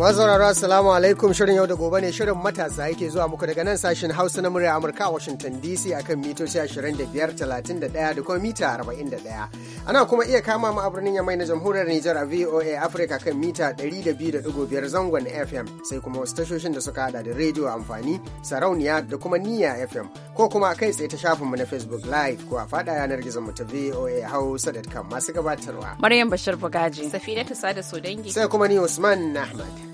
Mazauraro Assalamu alaikum shirin yau da gobe ne shirin matasa yake zuwa muku daga nan sashen Hausa na murya Amurka a Washington DC akan mitoci 25 31 da kuma mita 41. Ana kuma iya kama mu a birnin Yamai na Jamhuriyar Nijar a VOA Africa kan mita 102.5 zangon FM sai kuma wasu tashoshin da suka hada da rediyo amfani sarauniya da kuma niya FM ko kuma a kai tsaye ta shafin mu na Facebook Live ko a faɗa yanar gizon mu ta VOA Hausa.com masu gabatarwa. Maryam Bashir Bugaji. Safina Tusa da Sodangi. Sai kuma ni Usman Ahmad.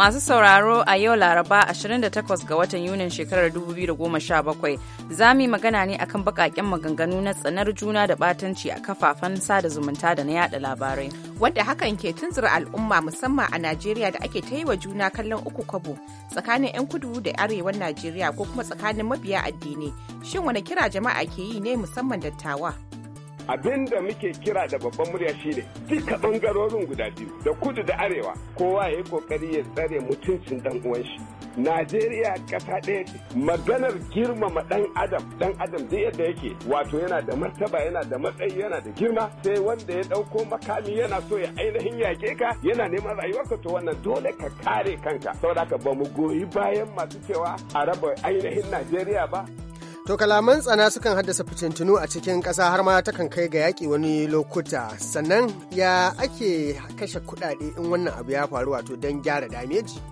Masu sauraro a yau Laraba 28 ga watan Yunin shekarar 2017 za mu yi magana ne akan bakaken maganganu na tsanar juna da batanci a kafafen sada zumunta da na yada labarai. wanda hakan ke tunzura al'umma musamman a Najeriya da ake ta yi wa juna kallon uku kwabo tsakanin 'yan kudu da arewan Najeriya ko kuma tsakanin mabiya addini. Shin wani kira jama'a ke yi ne musamman dattawa? abin da muke kira da babban murya shine duka bangarorin guda biyu da kudu da arewa kowa ya yi kokari ya tsare mutuncin dan uwan shi najeriya kasa ɗaya ce maganar girmama ɗan adam dan adam duk yadda yake wato yana da martaba yana da matsayi yana da girma sai wanda ya ɗauko makami yana so ya ainihin yaƙe ka yana neman rayuwarka to wannan dole ka kare kanka saboda ka ba mu goyi bayan masu cewa a raba ainihin najeriya ba To kalaman tsana sukan haddasa fitintunu a cikin ƙasa har ma takan kai ga yaƙi wani lokuta. Sannan ya ake kashe kuɗaɗe in wannan abu ya faru wato don gyara dameji?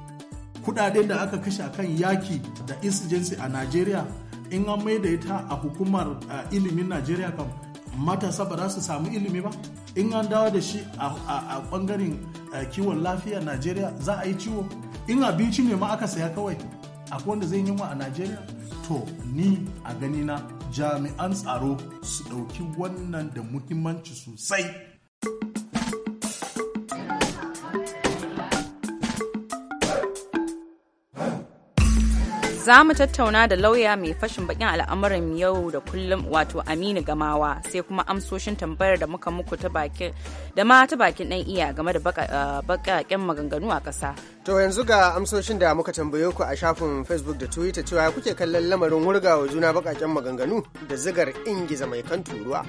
Kuɗaɗe da aka kashe kan yaƙi da insurgency a Najeriya in an maidaita ita a hukumar ilimin Najeriya kam matasa ba za su samu ilimi ba. In an dawo da shi a ɓangaren kiwon lafiya Najeriya za a yi ciwo. In abinci ne ma aka saya kawai. akwai wanda zai yunwa a najeriya to ni a ganina jami'an tsaro su ɗauki wannan da muhimmanci sosai Za mu tattauna da lauya mai fashin bakin al'amuran yau da kullum wato Aminu Gamawa sai kuma amsoshin tambayar da muka muku ta baki da ma ta bakin ɗan iya game da bakaken ah, maganganu a ƙasa. To yanzu ga amsoshin da muka tambaye ku a shafin Facebook da Twitter cewa kuke kallon lamarin wurgawa juna bakaken maganganu da zigar ingiza mai kan turuwa.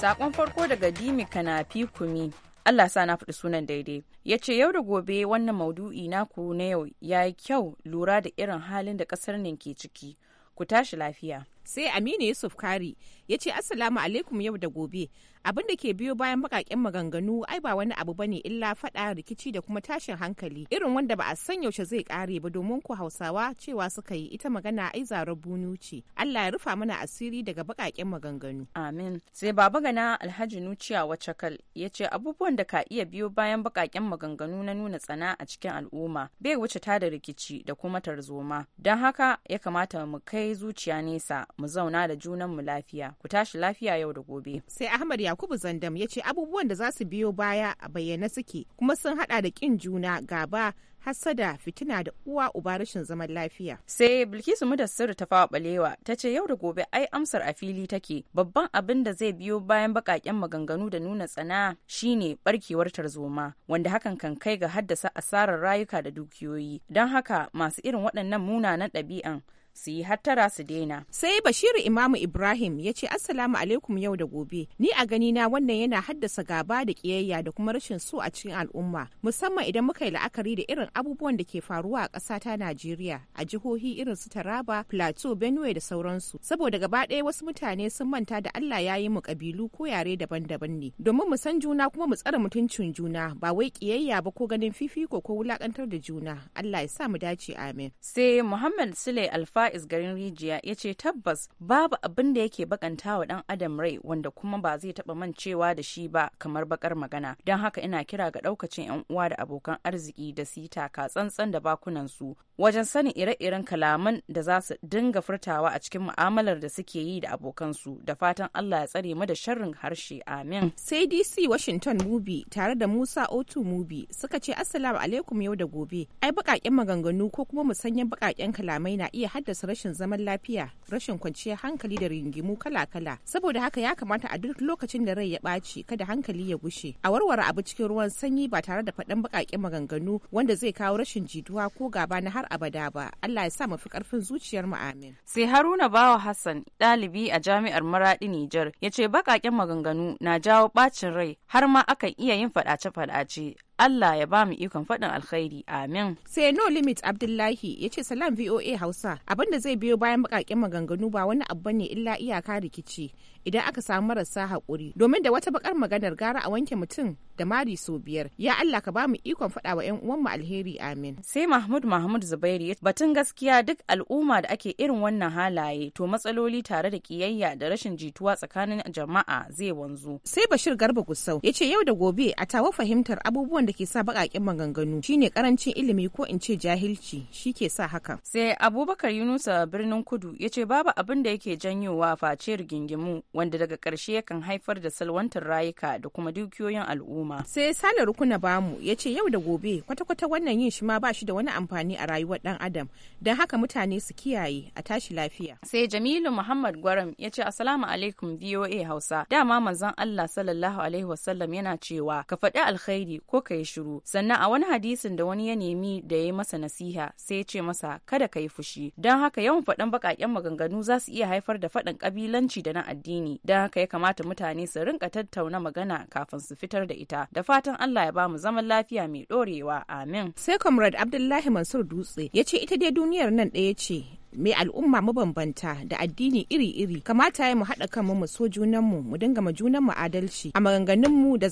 Sakon farko daga Dimi Kanafi Kumi Allah sa na faɗi sunan daidai. Ya ce yau da gobe wannan maudu'i naku na yau ya yi kyau lura da irin halin da ƙasar nan ke ciki. Ku tashi lafiya. Sai Aminu Yusuf Kari ya ce Assalamu alaikum yau da gobe. abin da ke biyo bayan bakaken maganganu ai ba wani abu bane illa fada rikici da kuma tashin hankali irin wanda ba a san yaushe zai kare ba domin ku hausawa cewa suka yi ita magana ai zarar bunu ce Allah ya rufa mana asiri daga bakaken maganganu amin sai baba gana alhaji nuciya wacakal ya ce abubuwan da ka iya biyo bayan bakaken maganganu na nuna tsana a cikin al'umma bai wuce ta da rikici da kuma tarzoma don haka ya kamata mu kai zuciya nesa mu zauna da junan mu lafiya ku tashi lafiya yau da gobe sai ahmad ya Yakubu Zandam ya ce abubuwan da za su biyo baya a bayyane suke kuma sun hada da kin juna gaba hassada fitina da uwa uba rashin zaman lafiya. Sai Bilkisu Mudassir ta fawa balewa ta ce yau da gobe ai amsar a fili take babban abin da zai biyo bayan bakaken maganganu da nuna tsana shine barkewar tarzoma wanda hakan kan kai ga haddasa asarar rayuka da dukiyoyi don haka masu irin waɗannan munanan ɗabi'an su yi hattara su daina. Sai Bashiru Imamu Ibrahim ya ce Assalamu alaikum yau da gobe. Ni a gani na wannan yana haddasa gaba da kiyayya da kuma rashin so a cikin al'umma musamman idan muka yi la'akari da irin abubuwan da ke faruwa a ƙasa ta Najeriya a jihohi irin su Taraba, Plateau, Benue da sauransu. Saboda gaba ɗaya wasu mutane sun manta da Allah ya yi mu ƙabilu ko yare daban-daban ne. Domin mu san juna kuma mu tsare mutuncin juna ba wai kiyayya ba ko ganin fifiko ko wulakantar da juna. Allah ya sa mu dace amin. Sai Muhammad Sule Alfa Faiz garin Rijiya ya ce tabbas babu abin da yake bakanta wa dan Adam rai wanda kuma ba zai taba mancewa da shi ba kamar bakar magana. Don haka ina kira ga daukacin yan uwa da abokan arziki da su yi taka tsantsan da bakunan su wajen sanin ire-iren kalaman da za su dinga furtawa a cikin mu'amalar da suke yi da abokansu da fatan Allah ya tsare mu da sharrin harshe amin. Sai DC Washington Mubi tare da Musa Otu Mubi suka ce Assalamu alaikum yau da gobe. Ai bakakken maganganu ko kuma musanyen bakakken kalamai na iya hada haddasa rashin zaman lafiya, rashin kwanciyar hankali da ringimu kala-kala. Saboda haka ya kamata a duk lokacin da rai ya ɓaci kada hankali ya gushe. A warware abu cikin ruwan sanyi ba tare da faɗan baƙaƙen maganganu wanda zai kawo rashin jituwa ko gaba na har abada ba. Allah ya sa mu fi ƙarfin zuciyar mu amin. Sai Haruna Bawa Hassan ɗalibi a jami'ar Maradi Nijar ya ce baƙaƙen maganganu na jawo ɓacin rai har ma akan iya yin faɗace-faɗace Allah ya ba mu ikon faɗin alkhairi amin. Sai no limit Abdullahi ya ce salam VOA Hausa da zai biyo bayan bakakin maganganu ba wani abu ne illa iyaka rikici idan aka samu marasa haƙuri domin da wata bakar maganar gara a wanke mutum da mari sau biyar ya Allah ka ba mu ikon faɗa wa 'yan uwanmu alheri amin. Sai Mahmud Mahmud Zubairu ya batun gaskiya duk al'umma da ake irin wannan halaye to matsaloli tare da kiyayya da rashin jituwa tsakanin jama'a zai wanzu. Sai Bashir Garba Gusau ya ce yau da gobe a tawa fahimtar abubuwan da ke sa baƙaƙen maganganu shine karancin ilimi ko in ce jahilci shi ke sa haka. Sai Abubakar Yunusa birnin Kudu ya ce babu abin da yake janyowa face rigingimu wanda daga karshe yakan haifar da salwantar rayuka da kuma dukiyoyin al'umma. Sai Sale Rukuna Bamu ya ce yau da gobe kwata-kwata wannan yin shi ma ba shi da wani amfani a rayuwar ɗan adam don haka mutane su kiyaye a tashi lafiya. Sai Jamilu Muhammad Gwaram ya ce Assalamu alaikum VOA Hausa dama manzon Allah sallallahu alaihi wasallam yana cewa ka faɗi alkhairi ko ka yi shiru sannan a wani hadisin da wani ya nemi da ya yi masa nasiha sai ya ce masa kada ka yi fushi don haka yawan faɗan baƙaƙen maganganu za su iya haifar da faɗin ƙabilanci da na addini don haka ya kamata mutane su rinka tattauna magana kafin su fitar da ita da fatan Allah ya ba mu zaman lafiya mai ɗorewa amin sai comrade Abdullahi Mansur Dutse ya ce ita dai duniyar nan ɗaya ce mai al'umma mabambanta da addini iri-iri kamata ya mu haɗa kanmu mu so junanmu mu dinga ma junanmu adalci a maganganunmu da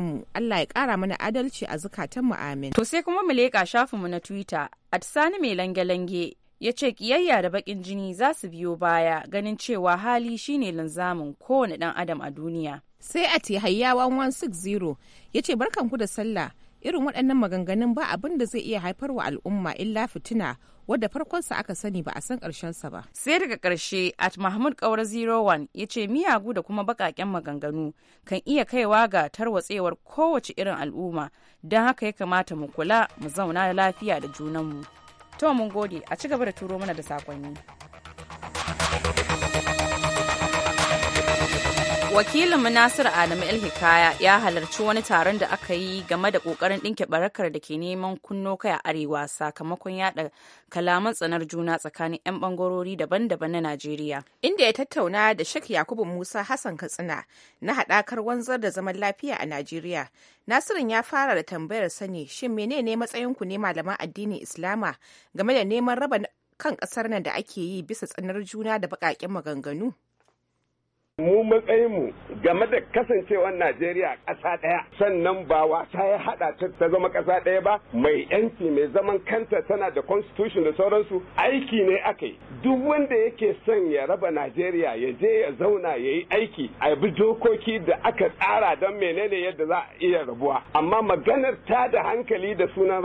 mu Allah ya ƙara mana adalci a zukatanmu amin. To sai kuma mu leƙa shafinmu na Twitter at sani mai lange-lange ya ce kiyayya da baƙin jini za su biyo baya ganin cewa hali shine linzamin kowane ɗan adam a duniya. Sai a Tihayya 160, ya ce barkanku da sallah irin waɗannan maganganun ba abin da zai iya haifarwa al'umma illa fitina wadda farkonsa aka sani ba a san ƙarshensa ba. Sai daga ƙarshe at Mahmud Zero 01 ya ce miyagu da kuma baƙaƙen maganganu kan iya kaiwa ga tarwatsewar kowace irin al'umma don haka ya kamata mu kula mu zauna lafiya da junanmu. To mun gode a ci gaba da turo mana da sakonni. wakilin nasiru adamu hikaya ya halarci wani taron da aka yi game da kokarin ɗinke barakar da ke neman kunno kai a arewa sakamakon yada kalaman tsanar juna tsakanin 'yan bangarori daban-daban na najeriya inda ya tattauna da shek yakubu musa hassan katsina na haɗakar wanzar da zaman lafiya a najeriya nasirin ya fara da tambayar sani shin menene matsayinku ne malaman addinin islama game da neman raba kan ƙasar nan da ake yi bisa tsanar juna da baƙaƙen maganganu mu matsayin mu game da kasancewar najeriya ƙasa ɗaya sannan ba wasa ya haɗa ta ta zama ƙasa ɗaya ba mai yanci mai zaman kanta tana da constitution da sauransu aiki ne aka duk wanda yake son ya raba najeriya ya je ya zauna ya yi aiki a bi dokoki da aka tsara don menene yadda za a iya rabuwa amma maganar ta da hankali da sunan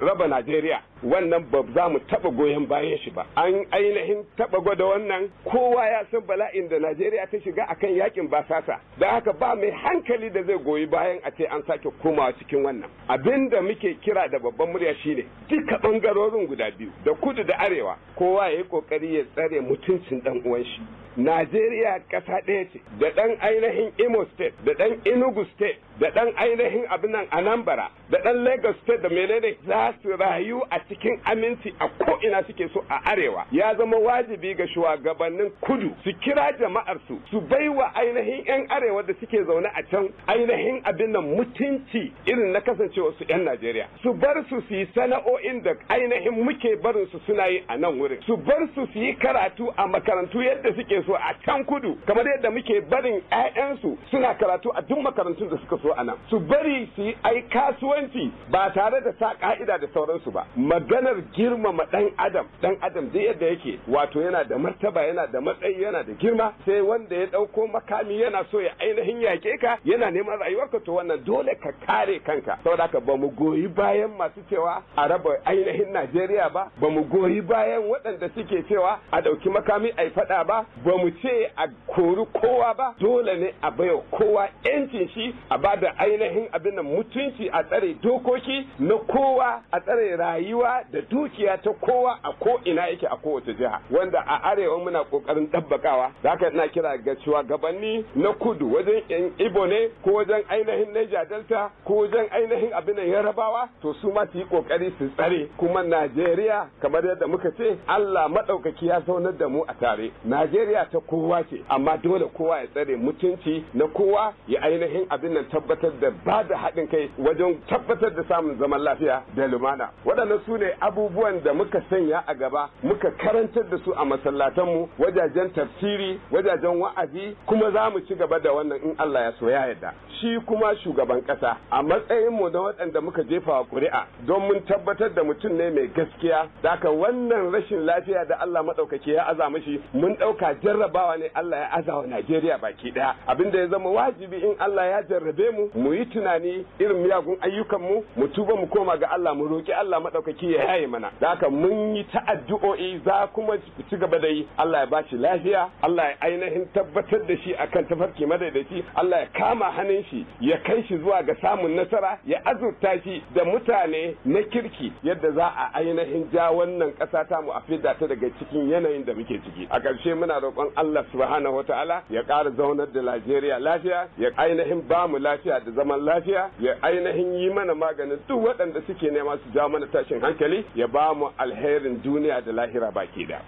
raba najeriya wannan ba za mu taɓa goyon bayan shi ba an ainihin taɓa gwada wannan kowa ya san bala'in da najeriya ta shiga a kan yakin basasa da haka ba mai hankali da zai goyi bayan a ce an sake komawa cikin wannan abin da muke kira da babban murya shine duka ɓangarorin guda biyu da kudu da arewa kowa ya yi ƙoƙari ya tsare mutuncin dan uwan shi Najeriya ƙasa ɗaya ce da ɗan ainihin Imo State da ɗan Enugu State da ɗan ainihin abin nan Anambra da ɗan Lagos State da menene za su rayu a cikin aminci a ko'ina suke so a arewa ya zama wajibi ga shugabannin kudu su kira jama'arsu su baiwa ainihin 'yan arewa da suke zaune a can ainihin abin nan mutunci irin na kasancewa su 'yan Najeriya su bar su su yi sana'o'in da ainihin muke barin su suna yi a nan wurin su bar su su yi karatu a makarantu yadda suke so a can kudu kamar yadda muke barin 'ya'yansu suna karatu a duk makarantun da suka so a nan su bari su yi ai kasuwanci ba tare da sa ka'ida da sauransu ba maganar girmama dan adam dan adam duk yadda yake wato yana da martaba yana da matsayi yana da girma sai wanda ya dauko makami yana so ya ainihin yaƙe ka yana neman rayuwarka to wannan dole ka kare kanka saboda haka ba mu goyi bayan masu cewa a raba ainihin Najeriya ba ba mu goyi bayan waɗanda suke cewa a ɗauki makami a faɗa ba ba mu ce a kori kowa ba dole ne a baiwa kowa yancin shi a ba da ainihin abin da mutunci a tsare dokoki na kowa a tsare rayuwa da dukiya ta kowa a ko ina yake a kowace jiha wanda a arewa muna kokarin dabbakawa zaka na kira ga gabanni na kudu wajen yan ibo ne ko wajen ainihin Niger Delta ko wajen ainihin abin da Yarabawa to su ma su yi kokari su tsare kuma Najeriya kamar yadda muka ce Allah madaukaki ya zaunar da mu a tare Najeriya duniya ta kowa ce amma dole kowa ya tsare mutunci na kowa ya ainihin abin nan tabbatar da ba da haɗin kai wajen tabbatar da samun zaman lafiya da lumana waɗannan su ne abubuwan da muka sanya a gaba muka karantar da su a masallatanmu wajajen tafsiri wajajen wa'azi kuma za mu ci gaba da wannan in Allah ya so ya yarda shi kuma shugaban kasa a matsayin mu da waɗanda muka jefa wa kuri'a don mun tabbatar da mutum ne mai gaskiya daga wannan rashin lafiya da Allah madaukake ya aza shi, mun ɗauka jarrabawa ne Allah ya aza Najeriya baki daya da ya zama wajibi in Allah ya jarrabe mu mu yi tunani irin miyagun ayyukan mu mu tuba mu koma ga Allah mu roki Allah madaukake ya yaye mana daga mun yi ta'addu'o'i za kuma ci gaba da yi Allah ya bashi lafiya Allah ya ainihin tabbatar da shi akan tafarki madaidaici Allah ya kama hannun shi ya kai shi zuwa ga samun nasara ya azurta shi da mutane na kirki yadda za a ainihin ja wannan ƙasa ta mu a fidda ta daga cikin yanayin da muke ciki a ƙarshe muna roƙon Allah subhanahu wataala ya ƙara zaunar da Najeriya lafiya ya ainihin ba mu lafiya da zaman lafiya ya ainihin yi mana maganin duk waɗanda suke nema su ja mana tashin hankali ya ba mu alherin duniya da lahira baki da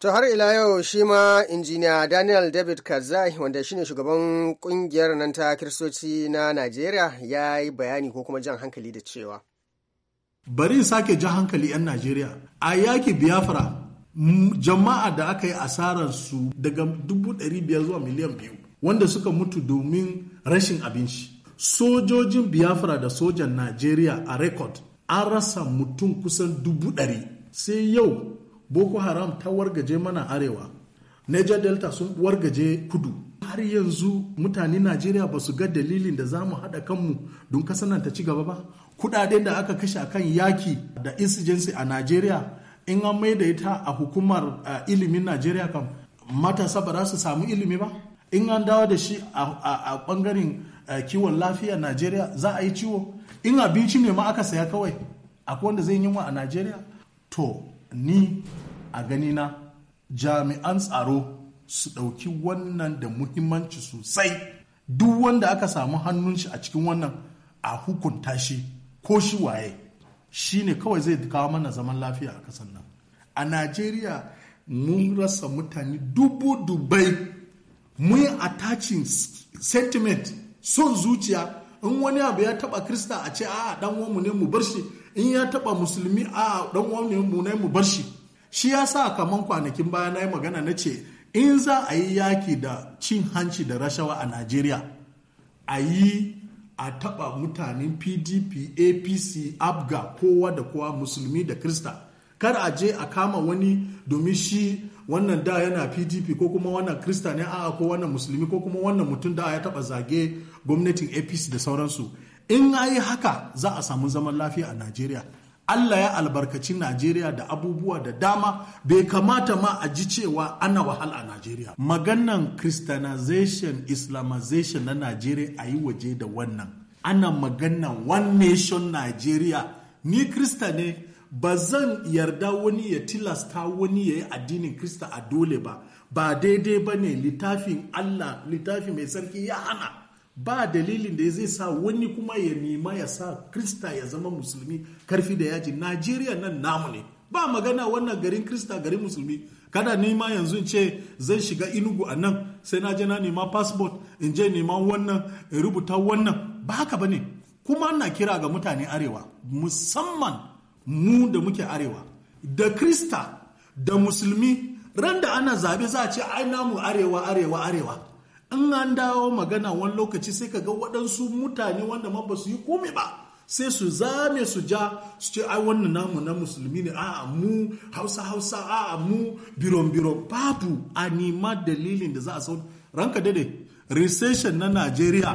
To har ila yau shi ma injiniya Daniel David Kazai wanda shine shugaban kungiyar nan ta kiristoci na Najeriya ya yi bayani ko kuma jan hankali da cewa. Bari sake jan hankali 'yan Najeriya a yaki Biafra jama'a da aka yi asararsu daga biyar zuwa miliyan biyu wanda suka mutu domin rashin abinci. Sojojin Biafra da sojan Najeriya a rekod an rasa mutum kusan dubu ɗari sai yau boko haram ta wargaje mana arewa niger delta sun wargaje kudu har yanzu mutane najeriya ba su ga dalilin da za mu haɗa kanmu don kasar nan ta ci gaba ba kudaden da aka kashe kan yaki da insurgency a najeriya in an mai da ita a hukumar eh, ilimin najeriya kam matasa ba za su samu ilimi ba in an dawo da shi a bangaren eh, kiwon lafiya najeriya za a yi ciwo in abinci ne ma aka saya kawai akwai wanda zai yi yunwa a najeriya to ni a ganina jami'an tsaro su ɗauki wannan da muhimmanci sosai duk wanda aka samu hannun shi a cikin wannan a hukunta shi ko shi waye shi ne kawai zai kawo mana zaman lafiya a ƙasar nan a najeriya mun rasa mutane dubu dubai mun yi attaching sentiment son zuciya in wani abu ya taba krista a ce a dan mu ne mu bar shi in ya taba musulmi a dan mu ne mu bar shi shi ya sa kamar kwanakin baya na yi magana na ce in za a yi yaki da cin hanci da rashawa a najeriya a yi a taɓa mutanen pdp apc abga kowa da kowa musulmi da krista kar a je a kama wani domin shi wannan da yana pdp ko kuma wannan krista ne a'a ko wannan musulmi ko kuma wannan mutum da ya taɓa zage gwamnatin apc da sauransu in a yi haka za a samu zaman lafiya a najeriya Allah ya albarkaci Najeriya da abubuwa da dama bai kamata ma a ji cewa ana wahala a Najeriya. Maganan Christianization, Islamization na Najeriya a yi waje da wannan. Ana maganan One Nation Najeriya. Ni Krista ne ba zan yarda wani ya tilasta wani ya yi addinin Krista a dole ba. Ba daidai ba ne littafin Allah, littafi mai sarki ya hana. ba dalilin da zai sa wani kuma ya nema ya sa krista ya zama musulmi karfi da yaji najeriya nan namu ne ba magana wannan garin krista garin musulmi kada nema yanzu ce zai shiga inugu a nan sai na je na nema passport in je nema wannan in rubuta wannan ba haka ba ne kuma na kira ga mutane arewa musamman mu da muke arewa da krista da musulmi ran da ana zabe za a ce ai namu arewa arewa arewa in an dawo magana wani lokaci sai ka ga waɗansu mutane wanda ma ba su yi komai ba sai su zame su ja su ce ai wannan namu na musulmi ne a mu hausa hausa a mu biron biron babu a nima dalilin da za a sau ranka dade recession na nigeria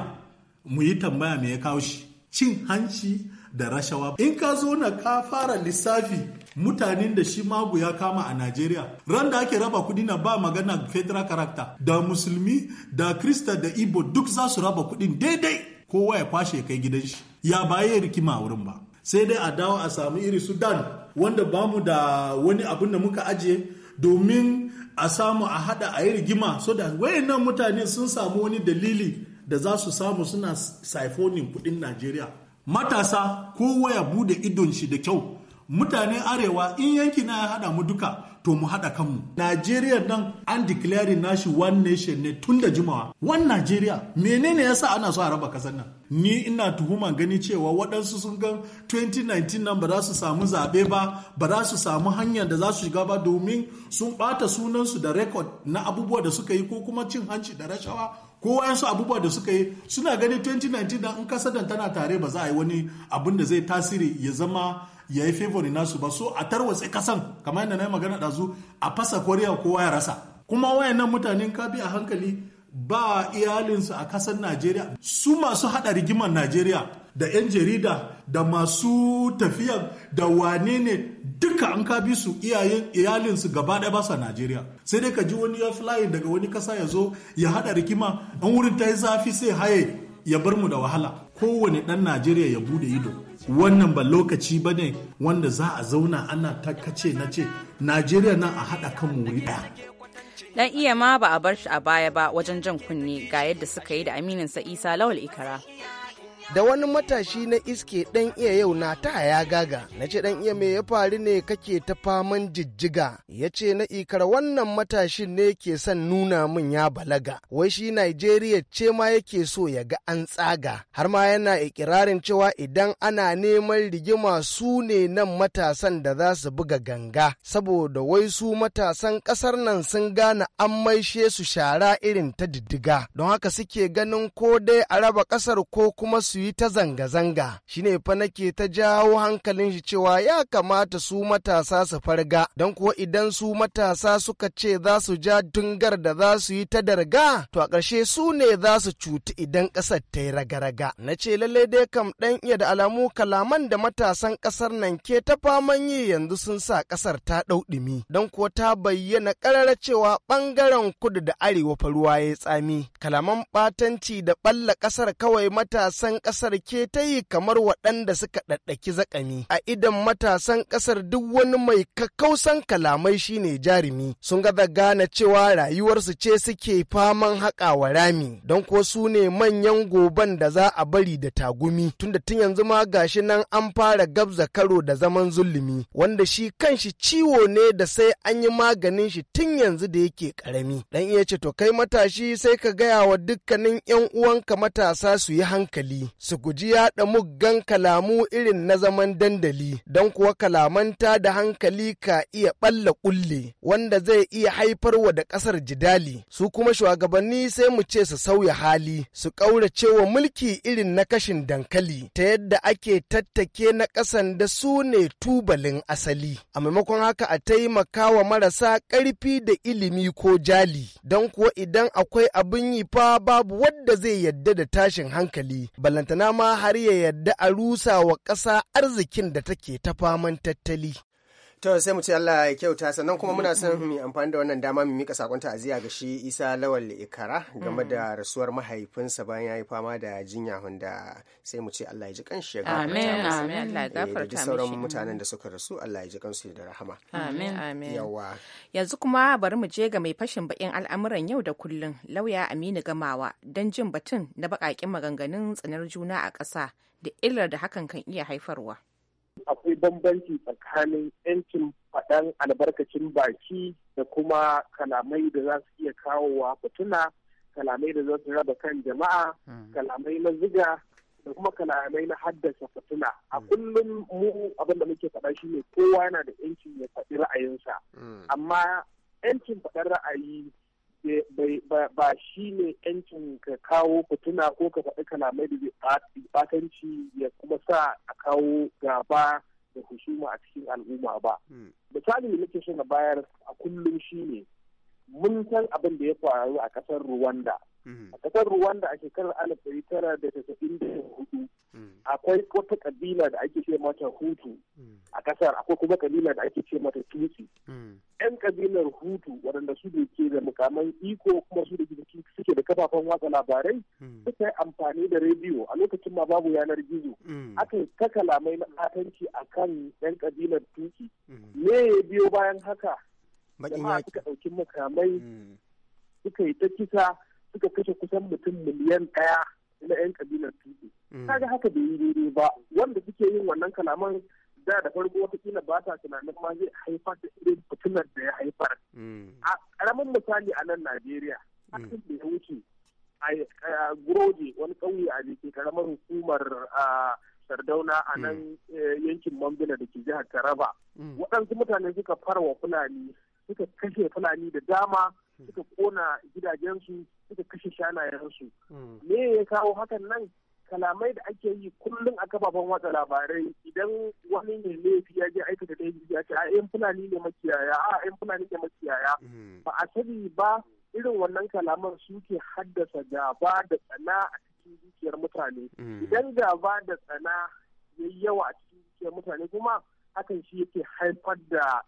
mu yi tambaya mai ya kawo shi cin hanci da rashawa in ka zo na ka fara lissafi mutanen da shi magu ya kama a Najeriya ran da ake raba kudi na ba magana federal character da musulmi da krista da ibo duk za su raba kudin daidai kowa ya kwashe kai gidan shi ya baye rikima a wurin ba sai dai a dawo a samu iri sudan wanda bamu da wani abin da muka ajiye domin a samu a hada a yi rigima so da wayannan mutane sun samu wani dalili da za su samu suna saifonin kudin najeriya matasa kowa ya bude idon shi da kyau Mutane arewa in yanki na ya haɗa mu duka to mu hada kanmu najeriya nan an declare nashi one nation ne tun da jimawa one najeriya menene yasa ana so a raba kasar nan ni ina tuhuma gani cewa waɗansu sun gan 2019 nan ba za su samu zaɓe ba ba za su samu hanyar da za su shiga ba domin sun ɓata sunansu da rekod na abubuwa da suka yi ko kuma cin hanci da rashawa ko wayansu abubuwa da suka yi suna gani 2019 na in kasar tana tare ba za a yi wani abin da zai tasiri ya zama ya yi favori nasu ba so a tarwatse kasan kamar yadda na yi magana ɗazu a fasa koriya kowa ya rasa kuma wayannan mutanen ka bi a hankali ba iyalinsu a kasan najeriya su masu haɗa rigimar najeriya da 'yan jarida da masu tafiya da wane ne duka an ka bi su iyayen iyalinsu gaba ɗaya ba a Najeriya sai dai ka ji wani ya flying daga wani kasa ya zo ya haɗa rigima an wurin ta yi zafi sai haye ya bar mu da wahala kowane ɗan Najeriya ya bude ido wannan ba lokaci ba ne wanda za a zauna ana ta kace na ce najeriya nan a haɗa kan wuri ɗaya dan iya ma ba a bar shi a baya ba wajen jan kunne ga yadda suka yi da aminin sa isa lawal ikara da wani matashi na iske ɗan iya yau na ta ya gaga na ce ɗan iya mai ya faru ne kake ta faman jijjiga ya ce na ikar wannan matashin ne ke son nuna min ya balaga wai shi Najeriya ce ma yake so ya ga an tsaga har ma yana ikirarin cewa idan ana neman rigima su ne nan matasan da za su buga ganga saboda wai su matasan ƙasar nan sun gane an maishe su shara irin ta diddiga don haka suke ganin ko dai a raba ƙasar ko kuma su su yi ta zanga-zanga shi ne fa nake ta jawo hankalin shi cewa ya kamata su matasa su farga don kuwa idan su matasa suka ce za su ja dungar da za su yi ta darga to a ƙarshe su ne za su cuti idan ƙasar ta yi raga-raga na ce lallai dai kam ɗan iya da alamu kalaman da matasan ƙasar nan ke ta faman yi yanzu sun sa ƙasar ta ɗau ɗumi don kuwa ta bayyana ƙarara cewa ɓangaren kudu da arewa faruwa ya ya tsami kalaman ɓatanci da ɓalla ƙasar kawai matasan Kasar ke ta yi kamar waɗanda suka ɗaɗɗaki zakami. A idan matasan ƙasar duk wani mai kakkausan kalamai shine jarumi sun ga gane cewa rayuwarsu ce suke faman haƙa wa rami don ko su ne manyan goban da za a bari da tagumi tunda tun yanzu ma gashi nan an fara gabza karo da zaman zulumi wanda shi kanshi ciwo ne da sai an yi maganin shi tun yanzu da yake karami dan iya ce to kai matashi sai ka gaya wa dukkanin yan uwanka matasa su yi hankali su guji yaɗa muggan kalamu irin na zaman dandali don kuwa kalamanta da hankali ka iya ɓalla ƙulle wanda zai iya haifar wa da ƙasar jidali su kuma shugabanni sai mu ce su sauya hali su ƙauracewa mulki irin na kashin dankali ta yadda ake tattake na ƙasan da su ne tubalin asali a maimakon haka a taimaka wa marasa ƙarfi da ilimi ko jali don kuwa idan akwai abin yi fa babu wadda zai yadda da tashin hankali balanta tana ma har ya yadda a rusa wa ƙasa arzikin da take ta faman tattali. to sai mu ce Allah ya kyauta sannan kuma muna son mu amfani da wannan dama mu mika sakon ta'aziyya ga shi Isa Lawal Ikara game da mm. rasuwar mahaifinsa bayan yayi fama da jinya hunda sai mu ce Allah ya ji kanshi ya gafarta amin amin Allah ya eh, gafarta mishi sauran mm. mutanen da suka rasu Allah ya ji kansu da rahama amin mm. amin yawa yanzu kuma bari mu je ga mai fashin bakin al'amuran yau da kullun lauya Aminu Gamawa dan jin batun na bakakin maganganun tsanar juna a ƙasa da illar da hakan kan iya haifarwa akwai bambanci tsakanin 'yancin faɗan albarkacin baki da kuma kalamai da za su iya kawowa fituna kalamai da za su raba kan jama'a hmm. kalamai na ziga da kuma kalamai na haddasa fituna a hmm. kullum mu abin da muke faɗa shine kowa yana da 'yancin ya faɗi ra'ayinsa hmm. amma 'yancin faɗar ra'ayi ba shi ne yancin ka kawo fituna ko ka faɗi kalamai da zai batanci ya kuma sa a kawo gaba da husuma a cikin al'umma ba. Hmm. Misali da nake so na bayar a kullum shi ne mun san abin da ya faru a kasar Rwanda. Mm-hmm. A kasar Rwanda a shekarar alif ɗari tara da tasirin da hudu mm-hmm. akwai wata kabila da ake ce mata Hutu mm-hmm. a kasar akwai kuma kabila da ake ce mata Tutsi. Yan kabilar Hutu waɗanda su da ke da mukaman iko kuma su da suke da kafafen watsa labarai suka yi amfani da rediyo a lokacin ma babu yanar gizo. Aka ta kalamai na a akan yan kabilar Tutsi. Me ya biyo bayan haka bakin yaki suka ɗauki makamai mm. suka yi ta kisa suka kashe kusan mutum miliyan ɗaya na yan kabilar tudu mm. kaga haka bai yi daidai ba wanda suke yin wannan kalaman da da farko watakila ba ta tunanin ma zai haifar da irin fitinar da ya haifar mm. a karamin misali a nan najeriya hakan da ya wuce a guroje wani ƙauye a jiki karamar hukumar sardauna a nan eh, yankin mambila da ke jihar taraba waɗansu mutane suka fara wa fulani suka kashe fulani da dama suka kona gidajensu suka kashe shanayensu hmm. me ya kawo hakan nan kalamai da ake yi kullum a kafafen watsa labarai idan wani ne laifi ya je aikata da ya ce a yan fulani ne makiyaya a yan fulani ne makiyaya hmm. ba a sani ba irin wannan kalaman suke haddasa gaba da tsana a cikin zuciyar mutane hmm. idan gaba da tsana ya yawa a cikin dukiyar mutane kuma hakan shi yake haifar da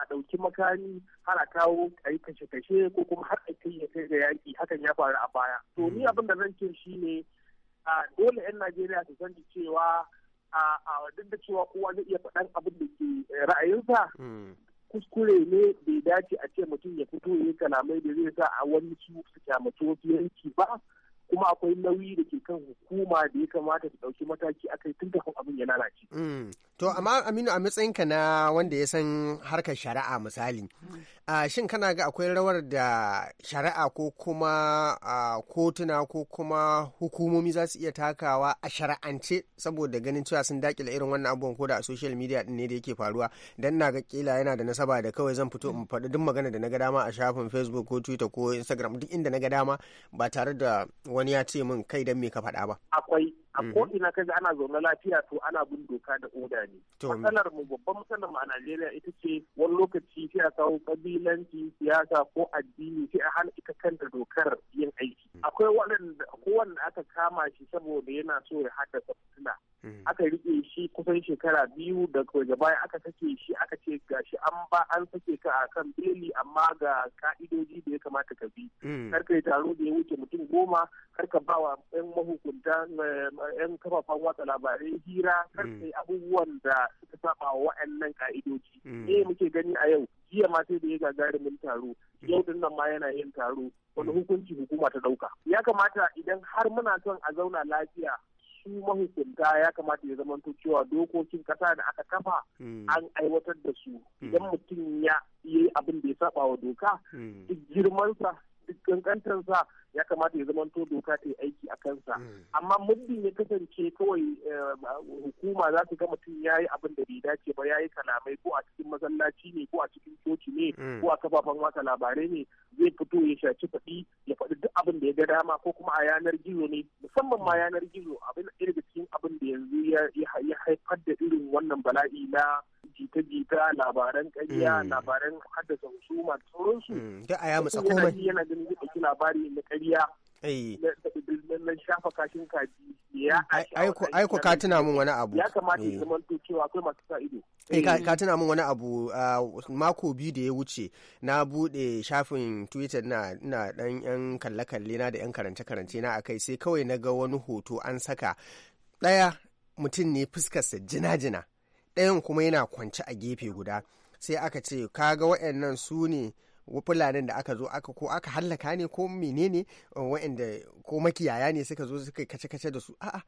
a ɗauki makami har a kawo a kashe-kashe ko kuma har a kai ya kai ga yaƙi hakan ya faru a baya. To ni hmm. abin da zan ce shi ne dole 'yan Najeriya su sanci cewa a duk da cewa kowa zai iya faɗan abin da ke ra'ayinsa hmm. kuskure ne bai dace a ce mutum ya fito ya kalamai da zai sa a wani su su kyamaci wasu yanki ba kuma akwai nauyi da ke kan hukuma da ya kamata su ɗauki mataki akai tun kafin abin ya lalace. Hmm. To amma Aminu a matsayinka na wanda ya san harkar shari'a misali, mm. shin kana ga akwai rawar da shari'a ko kuma kotuna ko kuma hukumomi za su iya takawa a shari'ance saboda ganin cewa sun dakile irin wannan abubuwan ko da a social media din ne da yake faruwa don na ga kila yana da nasaba da kawai zan fito in faɗi duk magana da na ga dama a shafin Facebook ko Twitter ko Instagram duk inda na ga dama ba tare da wani ya ce min kai dan me ka faɗa ba. Akwai a mhm. ko ina kaga ana zaune lafiya to ana bin doka da oda ne mm. matsalar mu babban matsalar mu a Najeriya ita ce wani lokaci sai a kawo kabilanci siyasa ko addini sai a hana ita kanta dokar yin aiki mm. akwai waɗanda ko wanda aka kama shi saboda yana so ya haɗa fitina mm. aka rike shi kusan shekara biyu da daga baya aka sake shi aka ce gashi an ba an sake ka a kan beli amma ga ka'idoji da ya kamata ka bi kar ka yi taro da ya wuce mutum goma kar ka ba wa 'yan mahukunta eh, 'yan kafafen watsa labarai hira kar sai mm. abubuwan da suka saba wa wa'annan ka'idoji mm. eh muke gani a yau jiya ma sai da ya gagarumin taro yau din nan ma yana yin taro wani mm. hukunci hukuma ta dauka ya kamata idan har muna son a zauna lafiya su mahukunta ya kamata ya zamanto cewa dokokin kasa da aka kafa an aiwatar da su idan mutum ya yi abin da ya saba wa doka duk girmansa duk kankantarsa ya kamata ya zamanto doka ta yi aiki a kansa hmm. amma muddin ya kasance kawai eh, hukuma za ta ga mutum ya yi abin da bai dace ba ya yi kalamai ko a cikin masallaci ne ko a cikin coci ne hmm. ko a kafafen wata labarai ne zai fito ya shaci faɗi ya faɗi duk abin da ya ga dama ko kuma a yanar gizo ne musamman ma hmm. yanar gizo abin irin cikin abin da yanzu ya haifar da irin wannan bala'i na jita-jita labaran ƙarya labaran haddasa husuma da sauransu da a musa komai labari na ƙarya na shafa kashin kaji ya aiko ka tuna min wani abu ya kamata ya eh. zama to cewa akwai masu sa ido Eh, ka eh. tuna min wani abu mako biyu da ya wuce na bude shafin twitter na na dan yan kalle-kalle na da yan karance-karance na akai sai kawai na ga wani hoto an saka ɗaya mutum ne fuskarsa jina-jina ɗayan kuma yana kwance a gefe guda sai aka ce kaga waɗannan su ne fulanin da aka zo aka ko aka hallaka ne ko menene uh, waɗanda ko makiyaya ne suka zo suka kace-kace da su a'a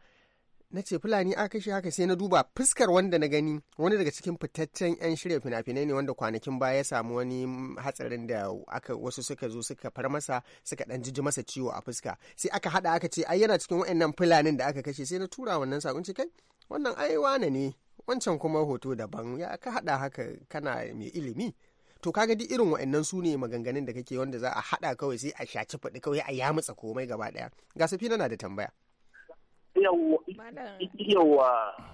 na ce fulani aka kashe haka sai na duba fuskar wanda na gani wani daga cikin fitaccen 'yan shirya fina-finai ne wanda kwanakin baya ya samu wani hatsarin da aka wasu suka zo suka far masa suka dan jiji masa ciwo a fuska sai aka hada aka ce ai yana cikin wayannan fulanin da aka kashe sai na tura wannan sakon ce kai wannan ai wane ne wancan kuma hoto daban ya ka hada haka kana mai ilimi to kaga duk irin wa'annan su ne maganganun da kake wanda za a haɗa kawai sai a shaci faɗi kawai a yamutsa komai gaba ɗaya ga na da tambaya yawwa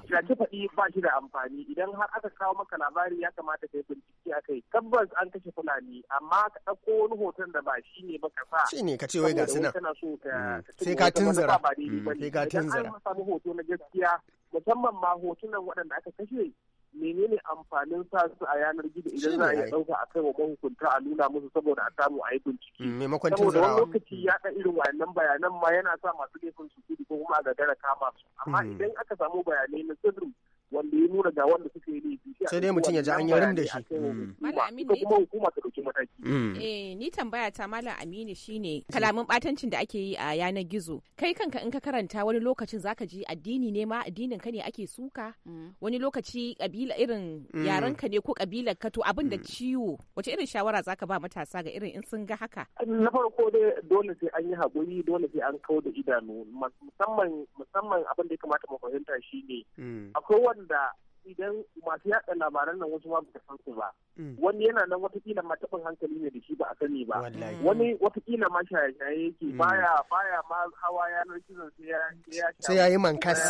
shaci faɗi ba shi da amfani idan har aka kawo maka labari ya kamata ka yi bincike a kai tabbas an kashe fulani amma ka ɗauko wani hoton da ba shi ne ba ka sa shi ne ka ce wai ga suna mm. mm. sai ka tunzara sai ka tunzara idan an samu hoto na gaskiya musamman ma hotunan waɗanda aka kashe menene amfanin sa su a yanar gizo idan za a iya ɗauka a kai wa mahukunta a nuna musu saboda a samu a yi bincike. Mm, saboda wani lokaci ya ɗan irin wayannan bayanan ma yana sa masu laifin su gudu ko kuma a gagara kama su. Amma mm. idan aka samu bayanai na sirri wanda ya nuna ga wanda suka yi laifi sai dai mutum ya ji an yarin da shi ko mm. kuma hukuma ta dauki mataki mm. eh ni tambaya ta malam Aminu shine kalamin batancin da ake yi a yanar gizo kai kanka in ka karanta wani lokacin zaka ji addini ne ma addinin ka ne ake suka mm. wani lokaci kabila irin yaran ka ne ko kabilar ka to abin da ciwo wace irin shawara zaka ba matasa ga irin in sun ga haka na farko dai dole sai an yi hakuri dole sai an kawo da idanu musamman musamman abin da ya kamata mu fahimta shine akwai da. idan masu yaɗa labaran nan wasu ma ba san su ba mm. wani yana nan watakila ma taɓin hankali ne da shi ba a sani ba wani watakila ma shaye-shaye yake mm. baya baya ma hawa yanar gizon sai ya yi mankas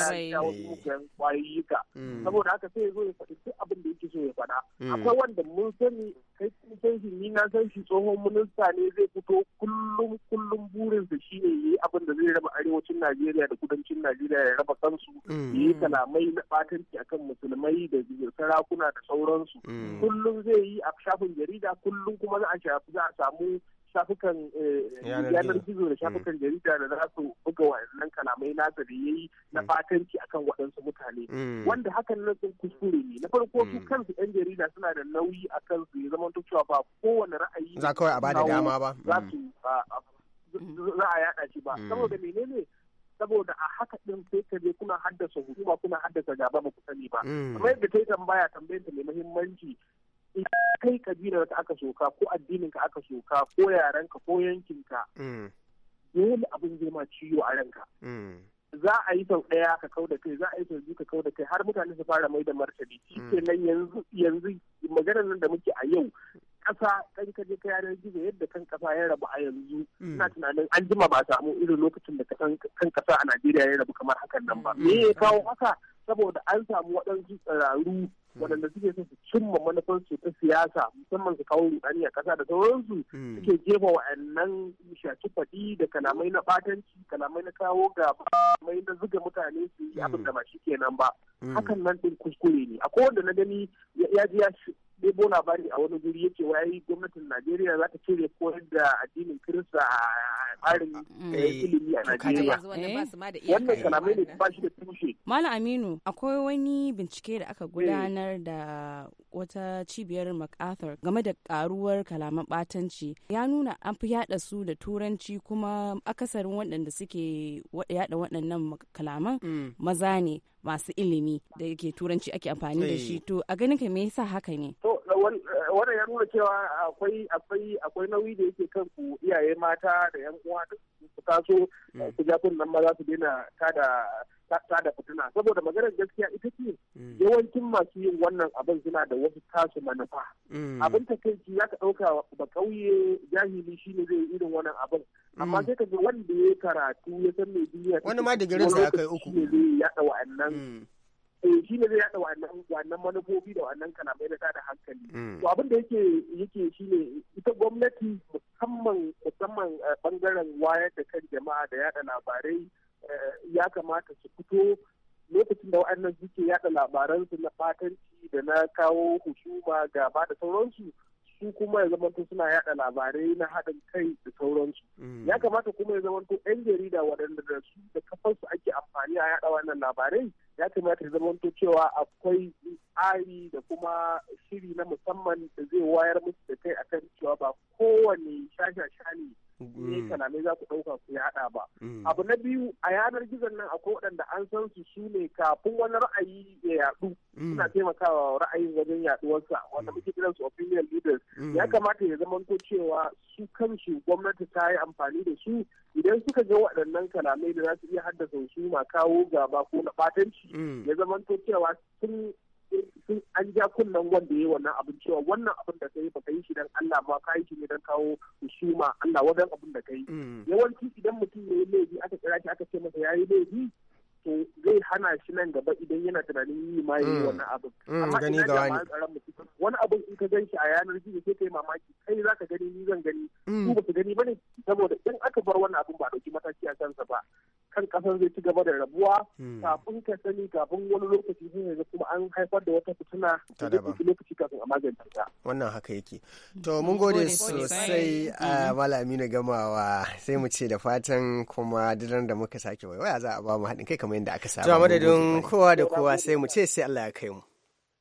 mm. saboda haka sai ya zo ya faɗi duk abin da yake so ya faɗa akwai wanda mun sani kai kun san shi ni na san shi tsohon minista ne zai fito kullum kullum burinsa shi ne yi abin da zai raba arewacin najeriya da kudancin najeriya ya raba kansu yi kalamai na ɓatanci akan musulmi mai da sarakuna da sauransu mm. kullum zai yi a shafin jarida kullum kuma za a shafi za a samu shafukan eh, yanar gizo da shafukan mm. jarida da za su buga wa'annan kalamai nasa da yayi na mm. fatanci akan waɗansu mutane wanda hakan na sun kuskure ne na farko su kansu yan jarida suna da nauyi a kansu ya zama cewa ba kowane ra'ayi za kawai a ba a yaɗa shi ba saboda menene saboda a haka ɗin sai ka je kuna haddasa hukuma kuna haddasa gaba ba ku sani ba mm. kuma yadda yi tambaya tambayar ta mai muhimmanci kai kabilar ka aka soka ko addinin ka aka soka ko yaren ka ko yankin ka mm. dole abin zai ma ciwo a ranka mm. za a yi sau ɗaya ka kau da kai za a yi sau ka kau da kai har mutane su fara mai da martani shi ke nan yanzu maganar nan da muke a yau kasa kan ka je yanar gizo yadda kan kasa ya rabu a yanzu mm. ina tunanin an jima ba samu irin lokacin da kan kasa a Najeriya ya rabu kamar hakan nan ba mm. me ya kawo haka saboda an samu waɗansu tsararru mm. waɗanda suke son su cimma manufar su ta siyasa musamman su kawo rudani a kasa da sauransu suke jefa wa'annan shaki faɗi da kalamai na ɓatanci kalamai na kawo gaba kalamai na zuga mutane su yi abin da ba shi kenan ba hakan nan ɗin kuskure ne akwai wanda na gani ya ji ɗebo labari a wani guri yake yi gwamnatin Najeriya za ta cire koyar da addinin Kirista a tsarin eh, ilimi a Najeriya. Eh, wannan kalamai ne ba shi da tushe. Malam Aminu, akwai wani bincike da aka eh. gudanar da wata cibiyar MacArthur game da karuwar kalaman batanci ya nuna an fi yada su da turanci kuma akasarin waɗanda suke yada waɗannan kalaman mm. maza ne masu ilimi da ke turanci ake amfani da shi to a ganin ka me yasa haka ne to Eh, wannan ya nuna cewa akwai akwai akwai nauyi da yake kan ku iyaye mata da yan uwa da su taso eh, mm. su ja kun nan maza su daina tada da fitina saboda maganar gaskiya ita ce mm. yawancin masu yin wannan abin suna da wasu tasu manufa mm. abin ta kai ya ka ɗauka ba kauye jahili shine zai irin wannan abin amma sai ka ga wanda ya karatu ya san me duniya wani ma da garin sa akai uku ya da wa'annan eh shi ne zai yada wannan wannan manufofi da wannan kalamai na da hankali mm. to abin da yake yake shine ita gwamnati musamman musamman bangaren eh, wayar da kan jama'a da yada labarai eh, ya kamata su fito lokacin da wa'annan suke yada labaransu na fatanci da na kawo husuma gaba da sauransu su kuma ya zamanto suna yada labarai na haɗin kai da sauransu mm. ya kamata kuma ya zamanto 'yan jarida waɗanda da su da kafansu ake amfani a yada wannan labarai ya kamata ya zamanto cewa akwai tsari da kuma shiri na musamman da zai wayar musu da kai akan cewa ba kowane shashasha ne kalamai mm. za ku ɗauka ku yaɗa ba mm. abu na biyu a yanar gizon nan akwai waɗanda an san su su ne kafin wani ra'ayi ya yaɗu mm. suna taimakawa ra'ayin wajen yaɗuwarsa wanda muke kiran su opinion leaders ya kamata ya zama ko cewa su kansu gwamnati ta yi amfani da su idan suka ga waɗannan kalamai da za su iya haddasa su ma kawo gaba ko na ɓatanci ya zama cewa sun sun an ja kunnen wanda ya yi wannan abin cewa wannan abin da kai baka yi shi dan Allah ba ka yi shi ne dan kawo husuma Allah wajen abin da kai mm. yawanci idan mutum ya yi laifi aka kira shi aka ce masa ya yi laifi to zai hana shi nan gaba idan yana tunanin yi ma yi mm. wani abin mm, amma gani ga wani wani abin in ka gan shi a yanar gizo sai kai mamaki kai za ka gani ni zan gani mm. Ku ba su gani bane saboda in aka bar wannan abin ba dauki mataki a kansa ba kan kasar zai ci gaba da rabuwa kafin ka sani kafin wani lokaci zai yanzu kuma an haifar da wata fitina da zai lokaci kafin a magance ta wannan haka yake to mun gode sosai a malami na gamawa sai mu ce da fatan kuma diran da muka sake waiwaya za a ba mu haɗin kai kamar kamar yadda aka samu. Jama'a madadin kowa da kowa sai mu ce sai Allah ya kai mu.